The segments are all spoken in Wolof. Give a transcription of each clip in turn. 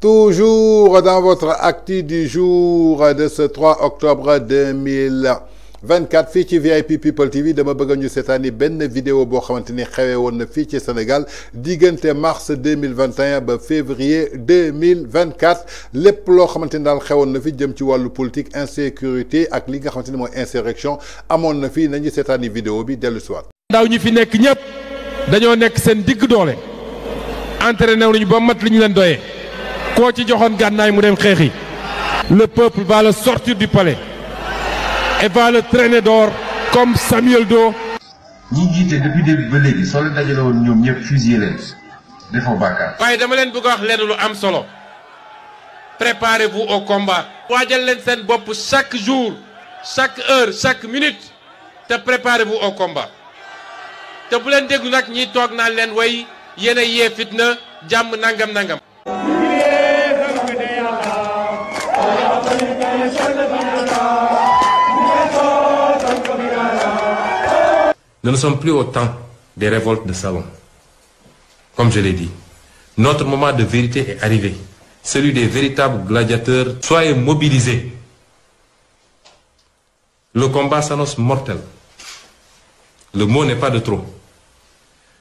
Toujours dans votre acti du jour de ce 3 octobre 2024 fii VIP People TV de ma bëgg cette année. ben vidéo bo xamanteni ni xewee na Sénégal ci Sénégal diggante mars 2021 ba février 2024 Les plots xamanteni dal xewon na fi jëm ci politique insécurité ak li nga À mon insurrection amon na fi nañu année vidéo bi le soir. waat. ñi fi nek ñëpp dañoo nek seen digg entraîné nous ba mat liñu len leen ko ci joxone gannaay mu dem xexi le peuple va le sortir du palais et va le traîner dehors comme Samuel Doe. ñi jiite depuis début ba léegi solo leen dajale woon ñoom ñëpp fusillé leen defoo bàkkaar. dama len bëgg wax leen lu am solo préparez-vous au combat. wajal len sen bop chaque jour chaque heure chaque minute te préparez-vous au combat te bu len déglu nak ñi tok na len way. Nous ne sommes plus au temps des révoltes de salon. Comme je l'ai dit, notre moment de vérité est arrivé. Celui des véritables gladiateurs. Soyez mobilisés. Le combat s'annonce mortel. Le mot n'est pas de trop.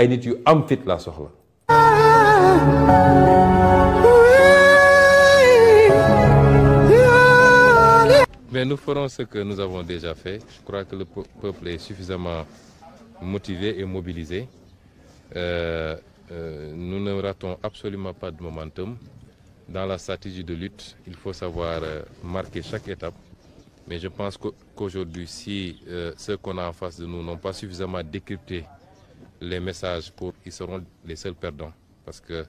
ay mais nous ferons ce que nous avons déjà fait je crois que le peuple est suffisamment motivé et mobilisé euh, euh, nous ne ratons absolument pas de momentum dans la stratégie de lutte il faut savoir euh, marquer chaque étape mais je pense qu'aujourd'hui, si ce ceux qu'on a en face de nous n'ont pas suffisamment décrypté les messages courts, ils seront les seuls perdants. Parce que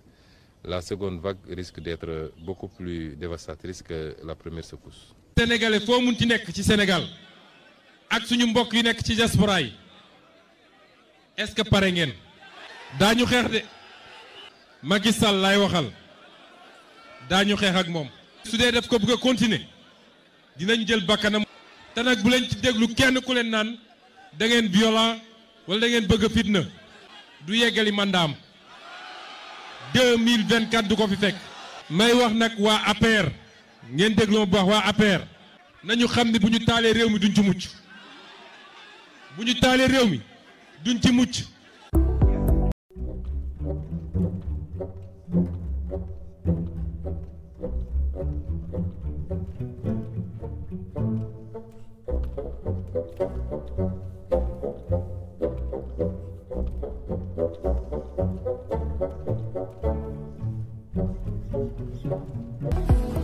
la seconde vague risque d'être beaucoup plus dévastatrice que la première secousse. Sénégalais foo mun ci ci Sénégal ak suñu mbokk yi nekk ci diaspora est-ce que pare ngeen daañu xeex de Macky Sall laay waxal daañu xeex ak moom. su dee ko bëgg continuer dinañ jël bakkanam. te nag bu leen ci déglu kenn ku leen naan da ngeen violent wala da ngeen bëgg fitna. du yeggali mandaam 2024 du ko fi fekk. may wax nag waa APR ngeen déglu ma bu baax waa APR nañu xam ne bu ñu taalee réew mi duñ ci mucc bu ñu taalee réew mi duñ ci mucc.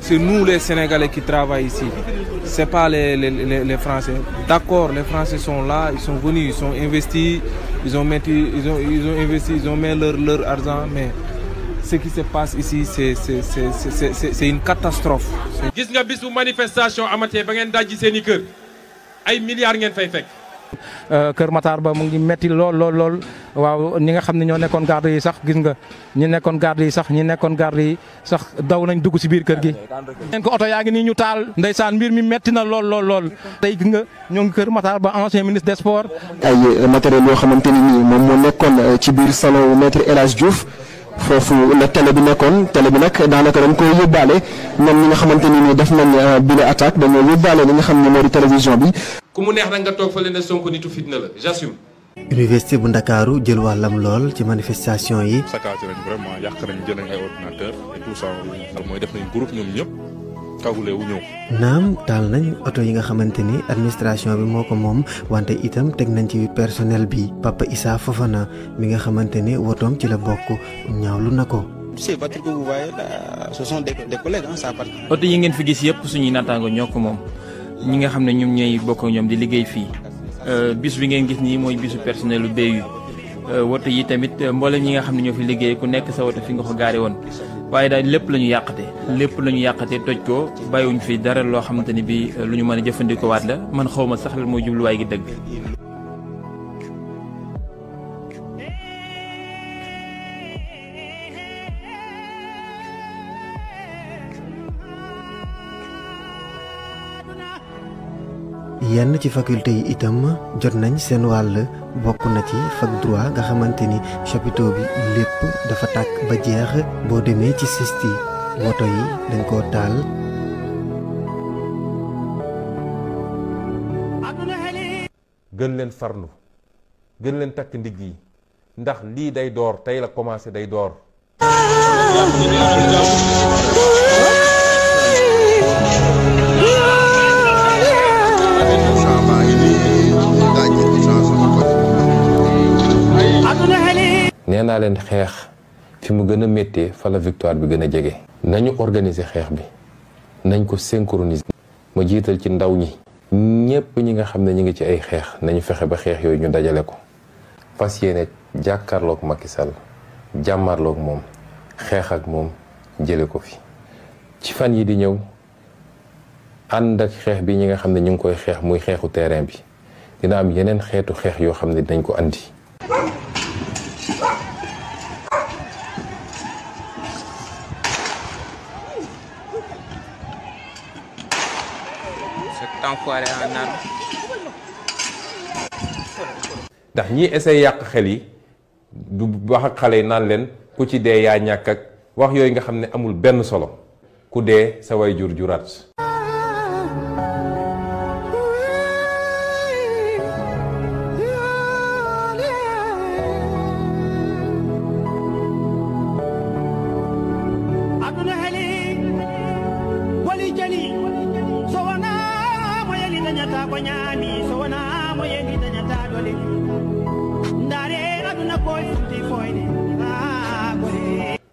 C'est nous les Sénégalais qui travaillent ici. Ce n'est pas les, les, les, Français. D'accord, les Français sont là, ils sont venus, ils sont investis, ils ont, metti, ils ont, ils ont investi, ils ont mis leur, leur argent, mais ce qui se passe ici, c'est une catastrophe. gis nga la manifestation ba ay milliards fay Euh, kër Matar ba mu ngi metti lool lool lool waaw ñi nga xam ne ñoo nekkoon garde yi sax gis nga ñi nekkoon garde yi sax ñi nekkoon garde yi sax daw nañ dugg si biir kër gi. ngeen ko oto yaa ngi nii ñu taal ndeysaan mbir mi metti na lool lool lool tey gis nga ñoo Kër Matar ba ancien ministre des sports. ay euh, matériel yoo xamante ni moom moo nekkoon euh, ci biir salon maître El Hadj Diouf. foofu la télé bi nekkoon télé bi nag daanaka dañ koy yóbbaale ñoom ñi nga xamante ni nii def nañ bile attaque dañoo yóbbaale li nga xam ne moo di télévision bi. kumu neex nak nga tok fa ne Sonko nitu fitna la j'assume Université bu dakaru jël wàllam lol ci manifestation yi. saccagé nañ vraiment yak nañ jël ay ordinateur et tout ça dal moy def nañ groupe ñom ñep kawule wu ñew naam dal nañ auto yi nga xamanteni administration bi moko mom wante itam tek nañ ci personnel bi Papa isa Fofana mi nga xamanteni wotom ci la bokku ñaawlu na ko. ces votre que vous voyez là, ce sont des, des collègues, hein, ça appartient. Oto yi ngeen fi gis yëpp suñuy naataango ñoo de moom. ñi nga xam ne ñoom ñooy bokk ñoom di liggéey fii euh, bis bi ngeen gis nii mooy bisu personnel lu BU euh, woto yi tamit euh, mboolem ñi nga xam ne ñoo fi liggéey ku nekk sa woto fi nga ko gaare woon waaye daal lépp la ñu yàqate lépp la ñu yàqate toj ko bàyyiwuñ fi dara loo xamante ni bi lu ñu mën a jëfandikoo waat la man xawma sax la mooy jubluwaay gi dëgg yenn ci faculté yi itam jot nañ seen wàll bokk na ci fac droit nga xamante ni chapiteau bi lépp dafa tàkk ba jeex boo demee ci sisti woto yi dañ koo taal gën leen farlu gën leen takk ndigg yi ndax lii day door tey la commencé day door nee naa leen xeex fi mu gën a méttee fa victoire bi gën a jege. nañu organiser xeex bi nañ ko synchroniser. ma jiital ci ndaw ñi. ñëpp ñi nga xam ne ñu ngi ci ay xeex nañu fexe ba xeex yooyu ñu dajale ko. fas yéene jàkkaarloog Macky Sall jàmmarloog moom xeex ak moom jële ko fi ci fan yi di ñëw ànd ak xeex bi ñi nga xam ne ñu ngi koy xeex muy xeexu terrain bi dina am yeneen xeetu xeex yoo xam ne dinañ ko andi. cet enfoiré en arme. ndax ñiy essayé yàq xel yi du wax xale yi naan leen ku ci dee yaa ñàkk ak wax yooyu nga xam ne amul benn solo ku dee sa way jur juraat.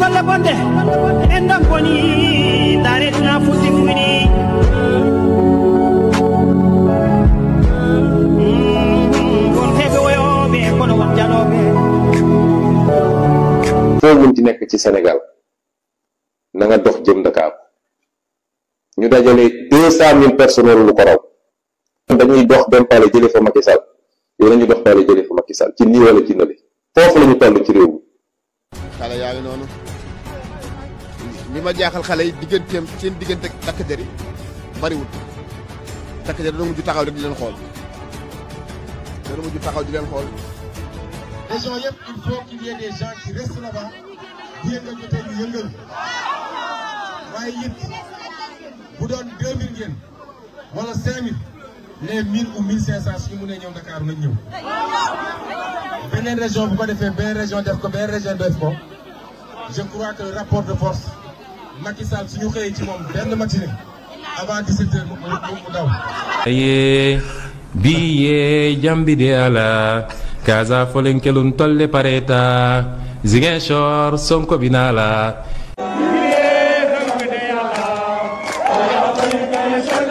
dow bonde en ɗon goni daretuna fuɗɗi fuyni worfeɓe woyoɓe nekk ci sénégal na nga dox jëm dakar ñu dajale lu ko raw dañuy dox dem pale jële fa Macky Sall yow nañu dox pale jële fa Macky Sall ci wala ci ci réew mi xale yaa ngi noonu li ma jaaxal xale yi digganteem seen diggante takk der yi bariwut takk der dana mujj taxaw rek di leen xool dana mujj taxaw di leen xool. région yëpp il faut qu'il y ait des gens qui bu yëngal jotee ñu yëngal waaye it bu doon 2000 ngeen wala 5000 les 1000 ou 1500 su ñu mënee ñëw Dakar nañ ñëw. beneen région bu ko defee beneen région def ko beneen région def ko je crois que le rapport de force Macky Sall suñu xëyee ci moom benn matinée avant 17 heures mu mu daw. biye jambide ala kaza folenkelun tolle pareta ziguinchor sonko binala biye jambide ala kaza folenkelun tolle pareta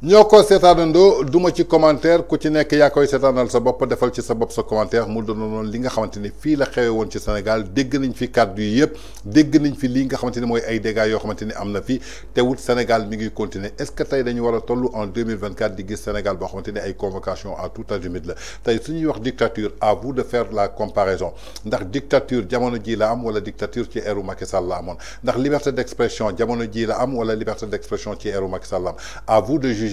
N'y a pas du ma ci commentaire ku ci nekk yaa koy seetaanal sa de defal ci sa bopp sa commentaire mu doon noonu li nga xamante ni la xewe ci Sénégal des fi cadre du yep dégg fi lii nga xamante ni mooy ay dégâts yoo xamante Sénégal mi ngi continuer est-ce que des dañu war a en 2024 di gis Sénégal boo est ay convocation à tout à du tey su ñuy dictature à vous de faire la comparaison ndax dictature jamono ji la am wala dictature ci eru Macky Sall la ndax liberté d'expression jamono ji la am la liberté d'expression qui est Macky Sall à vous de juger